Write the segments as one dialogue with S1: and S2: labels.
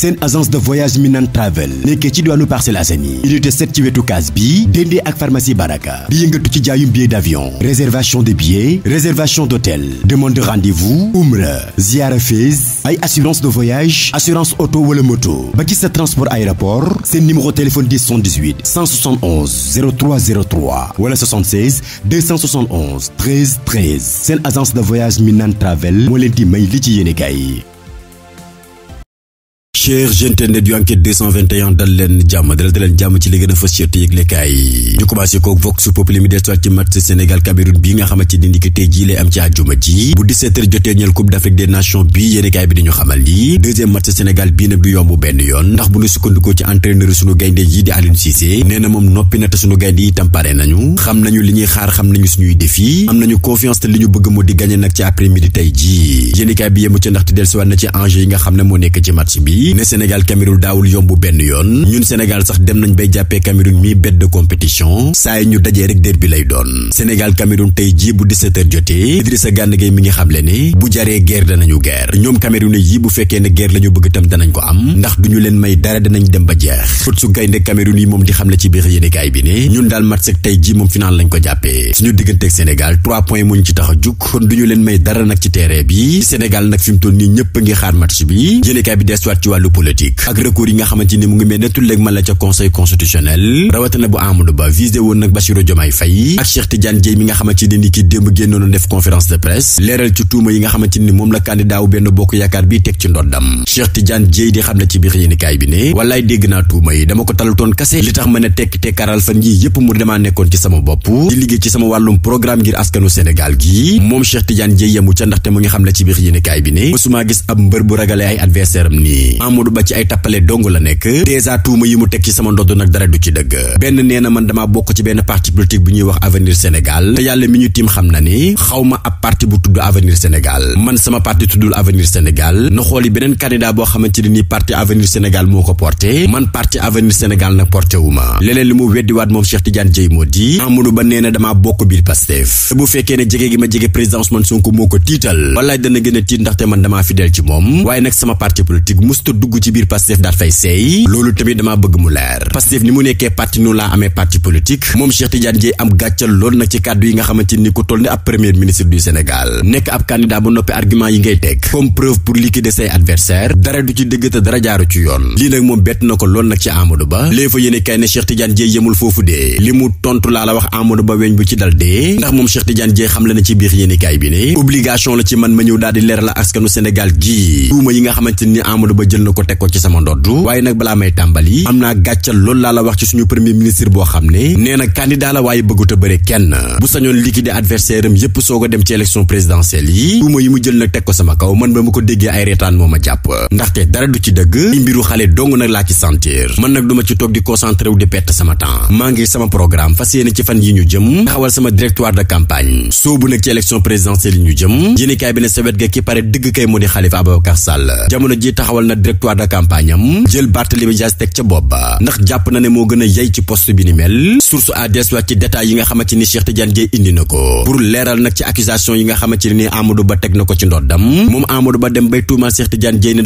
S1: seen agence de voyage Minan Travel nekkee ci diwaanu Parcelles Assainies unité 7 ci wetu kaas bi déndee ak pharmacie Baraka bi yëngatu ci jaayum billet d'avion réservation de billets réservation d'hôtel demande de rendez-vous umra ziara Fès ay assurance de voyage assurance oto wala moto ba ci sa transport aéroport seen numéro téléphone 10 78 171 0303 wala 76 271 13 13 seen agence de voyage Minan Travel moo leen may li ci yéene kaay chers internet yu enquête 221 dal leen jàmm dalal leen jàmm ci li gën a yëglekaay yi ñu ko Vox Populi mi del soit ci match Sénégal Cameroun bii nga xamante ni ndiki tey jii lay am ci àjjuma ji bu 17h jotee ñeel Coupe d'Afrique des Nations bii yéenekaay bi dañu xamal ni deuxième match Sénégal bii nag du yomb benn yoon ndax bu ñu sukkandikoo ci entraîneur suñu gaynde yi di Aliou Cissé nee na moom noppi na te suñu gaynde yi ñuy xaar xam nañu suñuy défi nañu confiance te li ñu bëgg moo di gagné nag ne moo nekk ci match ne Sénégal Cameroun daawul yomb benn yoon ñun Sénégal sax dem nañ bay jàppee Cameroun mi bête de compétition saa yi ñu dajee rek derby lay doon Sénégal Cameroun tey jii bu 17h jotee Idrissa Gana Gueye mi ngi xamle ne bu jaree guerre danañu guerre ñoom Cameroun yi bu fekkee ne guerre la bëgg itam danañ am ndax duñu leen may dara dem ba jeex fut su gaynde Cameroun yi moom di xamle ci biir yéenekaay bi ne ñun daal match ak tey jii moom final lañ ko jàppee suñu digganteeg Sénégal 3 points muñ ci tax a jug kon duñu leen may dara nag ci terrain bi Sénégal nag fi mu toll nii ñëpp ngi xaar match bi yéenekaay bi desuwaat ci wàllu wàllu politique ak recours yi nga xamante ni mu ngi mel ne tulleeg ma la ca conseil constitutionnel rawatina bu Amadou Ba visé woon nag Bassirou Diomaye Faye ak Cheikh Tidiane Dièye mi nga xamante ni ni ki démb génnoon def conférence de presse leeral ci tuuma yi nga xamante ni moom la candidat wu benn bokk yaakaar bi teg ci ndoddam Cheikh Tidiane Dièye di xam ne ci biir yéenikaay bi ne wallaay dégg naa tuuma yi dama ko talutoon kase li tax ma a tekk tekkaaral fan yi yépp mu damaa nekkoon ci sama bopp di ci sama wàllum programme ngir askanu Sénégal gi moom Cheikh Tidiane Dièye yamu ca ndaxte mu ngi xam ne ci biir yéenikaay bi ne mësumaa gis ab mbër bu ragalee ay adversaire Amadou Ba ci ay tappale dong la nekk dèjà tuuma yi mu teg ci sama ndodd nag na man damaa bokk ci benn parti politique bu ñuy wax avenir Sénégal te yàlla mi ñu tiim xam na ni xaw ma ab parti bu tudd avenir Sénégal man sama parti tuddul avenir Sénégal na xooli beneen candidat boo xamante ne nii parti avenir Sénégal moo ko porté man parti avenir Sénégal nag porté wu ma leneen li mu weddiwaat moom Cheikh Tidiane Dieye moo di Amadou Ba nee na damaa bokk biir Pastef bu fekkee ne jege ma jege président Ousmane Sonko moo ko tiital wallaay dana gën a tiit ndaxte man damaa fidèle ci moom waaye nag sama parti politique mustud dugg ci biir Pastef daat fay seey loolu tamit dama bëgg mu leer Pastef ni mu nekkee parti noonu laa amee parti politique moom Cheikh Tidiane Dièye am gàccal loolu nag ci kàddu yi nga xamante ni ku toll ne ab premier ministre du Sénégal nekk ab candidat ba noppi argument yi ngay teg comme preuve pour liquider say adversaire dara du ci dëgg te dara jaaru ci yoon lii nag moom bett na ko loolu nag ci Amadou Ba léegi fa yéene ne Cheikh Tidiane Dièye yemul foofu bi ne obligation la ci man ma ñëw daal di leer na ko teg ko ci sama ndoddu waaye nag balaa may tàmbali am naa gàccal loolu laa la wax ci suñu premier ministre boo xam ne nee na candidat la waaye bëggut a kenn bu sañoon liquider adversaire am yépp soog a dem ci élection présidentielle yi mbiru xale dong nag laa ci sentir man nag duma ci toog di concentré di perte sama temps maa ngi sama programme fas yéene ci fan yi ñu jëm taxawal sama directoire de campagne soobu nag ci élection présidentielle directoire de campagne am jël Barthélémy Dias teg ca bopp ba ndax jàpp na ne moo gën a yey ci poste bi ni mel source a delluwaat ci détails yi nga xamante ni Cheikh Tidiane Dièye indi na ko pour leeral nag ci accusation yi nga xamante ne ni Amadou Ba teg na ko ci ndoddam moom Amadou Ba dem bay tuumaal Cheikh Tidiane Dièye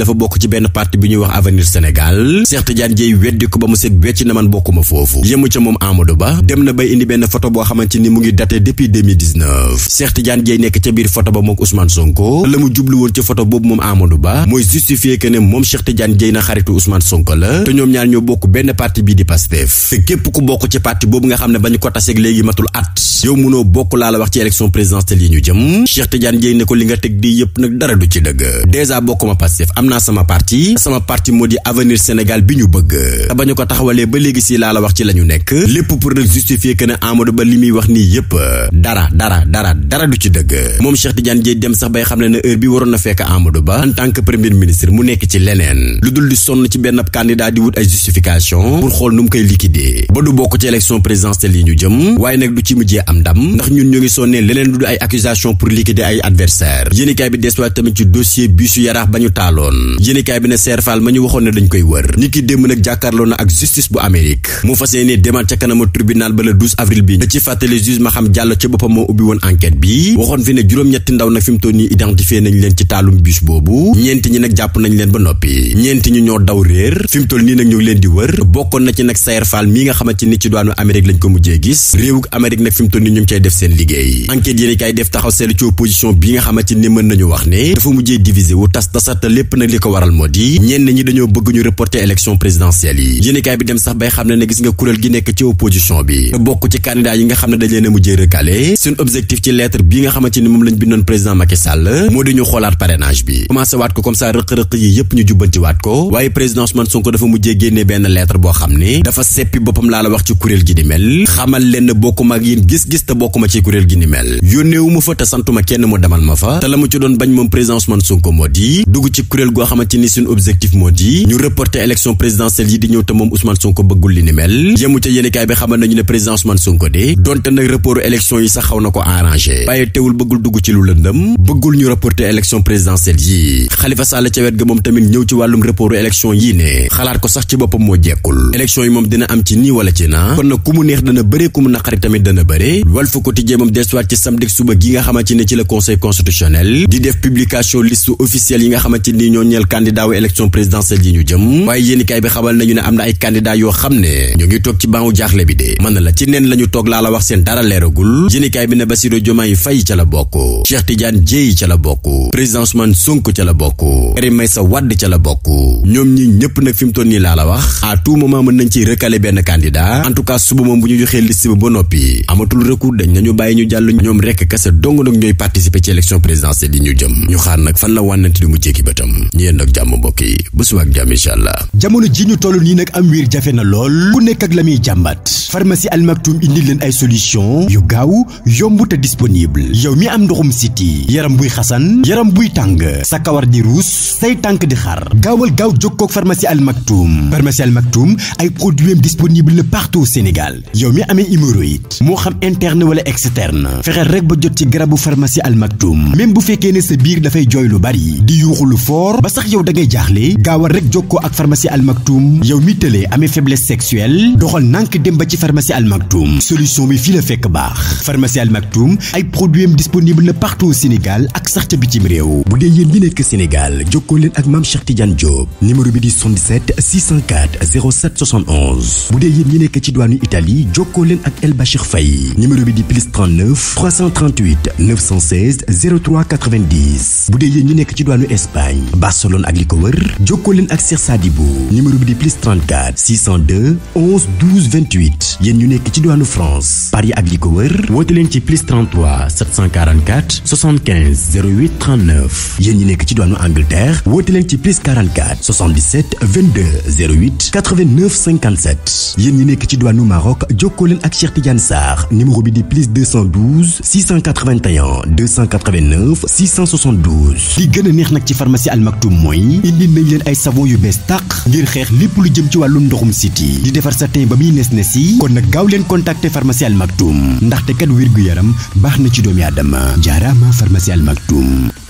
S1: weddi ko ba mu set wecc na man bokkuma foofu yemu ca moom Amadou Ba dem na bay indi benn photo boo xamante ni mu ngi daté depuis 2019 Cheikh Tidiane Dièye Cheikh Tidiane Dièye na xaritu Ousmane Sonko la te ñoom ñaar ñoo bokk benn parti bii di Pastef te képp ku bokk ci parti boobu nga xam ne bañu ko taseeg léegi matul at yow mënoo bokk laa la wax ci élection présidentielle yi ñu jëm Cheikh Tidiane Dièye ne ko li nga teg di yëpp nag dara du ci dëgg dèjà bokkuma Pastef am naa sama parti sama parti moo di avenir Sénégal bi ñu bëgg te bañu ko taxawalee ba léegi sii laa la wax ci la ñu nekk lépp pour nag justifier que ne Amadou Ba li muy wax nii yëpp dara dara dara dara du ci dëgg moom Cheikh Tidiane Dièye dem sax bay ne ne waroon na fekk Amadou Ba en que premier ministre mu nekk ci leneen leneen lu dul di sonn ci benn candidat di wut ay justification pour xool nu mu koy liquider ba du bokk ci élection présidentielle yi ñu jëm waaye nag du ci mujjee am ndam ndax ñun ñoo ngi sonnee leneen lu du ay accusation pour liquider ay adversaire yéenekaay bi des tamit ci dossier bisu yaraax ba ñu taaloon yéenekaay bi ne Serfal ma ñu waxoon ne dañ koy wër nit ki démb nag jàkkaarloo na ak justice bu Amérique mu fas yéene demaat ca kanamu tribunal ba le 12 avril bi da ci fàttali juge Maham Diallo ci boppam moo ubbi woon bi waxoon fi ne juróom ndaw nag fi mu toll nii nañ leen ci taalum bis boobu ñeenti ñi nag jàpp nañ leen ba noppi bi ñeenti ñu ñoo daw réer fi toll nii nag ñu leen di wër bokkoon na ci nag Sayer Fall mi nga xamante ni ci doonu Amérique lañ ko mujjee gis réewuk Amérique nag fi mu toll nii ñu ngi cay def seen liggéey enquête yéeni kaay def taxaw seetlu ci opposition bi nga xamante ni mën nañu wax ne dafa mujjee divisé wu tas tasata lépp nag li ko waral moo di ñenn ñi dañoo bëgg ñu reporter élection présidentielle yi yéeni bi dem sax bay xam ne ne gis nga kuréel gi nekk ci opposition bi bokk ci candidat yi nga xam a mujjee recalé seen objectif ci lettre bi nga xamante ni lijjantiwaat ko waaye président Ousmane Sonko dafa mujjee génnee benn lettre boo xam ne dafa seppi boppam laa la wax ci kuréel gi di mel xamal leen bokkuma ak gis-gis te bokkuma ci kuréel gi ni mel yónneewuma fa te santuma kenn mu demal ma fa te la mu ci doon bañ moom président Ousmane Sonko moo di dugg ci kuréel goo xamante ni suñu objectif moo ñu reporter élection présidentielle yi di ñëw te moom Ousmane Sonko bëggul li ni mel yemu ca yéenekaay bi xamal nañu ne ci wàllum reportu élection yii ne xalaat ko sax ci boppam moo jekkul élection yi moom dina am ci nii wala ci naa kon nag ku mu neex dana bëre ku mu naqari tamit dana bëre Walf Quotidien moom desuwaat ci samedi suba gi nga xamante ne ci la conseil constitutionnel di def publication liste officielle yi nga xamante ni ñoo ñeel candidat wu élection présidentielle yi ñu jëm waaye yéenikaay bi xamal nañu ne am na ay candidat yoo xam ne ñoo ngi toog ci la ci bokk ñoom ñi ñëpp nag fi mu toll nii laa la wax à tout moment mën nañ ciy recalé benn candidat en tout cas suba moom bu ñu joxee liste ba ba noppi amatul recours dañ nañu bàyyi ñu jàll ñoom rekk kese dong nag ñooy participer ci élection présidentielle yi ñu jëm ñu xaar nag fan la wànnante di mu jékki bëtam ñu yéen nag jàmm mbokk yi ba suba ak jàmm incha allah jamono ji ñu toll nii nag am wiir jafe na lool ku nekk ak la muy jàmbat pharmacie Almaktoum indi leen ay solution yu gaaw yomb te disponible yow mi am ndoxum siti yaram buy xasan yaram buy tàng sa kawar di ruus say tànk di xar gaawal gaaw jokkoo ak pharmacie Al Maktoum pharmacie Al Maktoum ay produits disponible partout au Sénégal yow mi amee hémorroïde moo xam interne wala externe fexeel rek ba jot ci garabu pharmacie Al Maktoum même bu fekkee ne sa biir dafay jooy lu bari di yuuxu lu fort ba sax yow da ngay jaaxle gaawal rek jokkoo ak pharmacie Al Maktoum yow mi tëlee amee faiblesse sexuelle doxal nànk dem ba ci pharmacie Al Maktoum solution bi fii la fekk baax pharmacie Al Maktoum ay produits disponible partout au Sénégal ak sax ca bitim réew bu dee yéen ñi nekk Sénégal jokkoo leen ak maam Cheikh Tidiane Tidiane Diop numéro bi di 77 604 07 71 bu dee yéen ñi nekk ci diwaanu Italie jokkoo leen ak El Bachir Faye numéro bi di plus 39 338 916 03 90 bu dee yéen ñi nekk ci diwaanu Espagne Barcelone ak li ko wër jokkoo leen ak Cheikh Sadibou numéro bi di plus 34 602 11 12 28 yéen ñu nekk ci diwaanu France Paris ak li ko wër woote leen ci plus 33 744 75 08 39 yéen ñi nekk ci diwaanu Angleterre woote leen ci plus 44 77 22 08 89 57 yéen ñi nekk ci diwaanu Maroc jokkoo leen ak Cheikh Tidiane Sarr numéro bi di plus 212 681 289 672 li gën a neex nag ci pharmacie Al Maktoum mooy indi nañ leen ay savon yu bees tàq ngir xeex lépp lu jëm ci wàllum ndoxum siti di defar sa teen ba muy nes nes yi kon nag gaaw leen contacter pharmacie Al Maktoum ndaxte kat wér gu yaram baax na ci doomi aadama jaaraama pharmacie Al Maktoum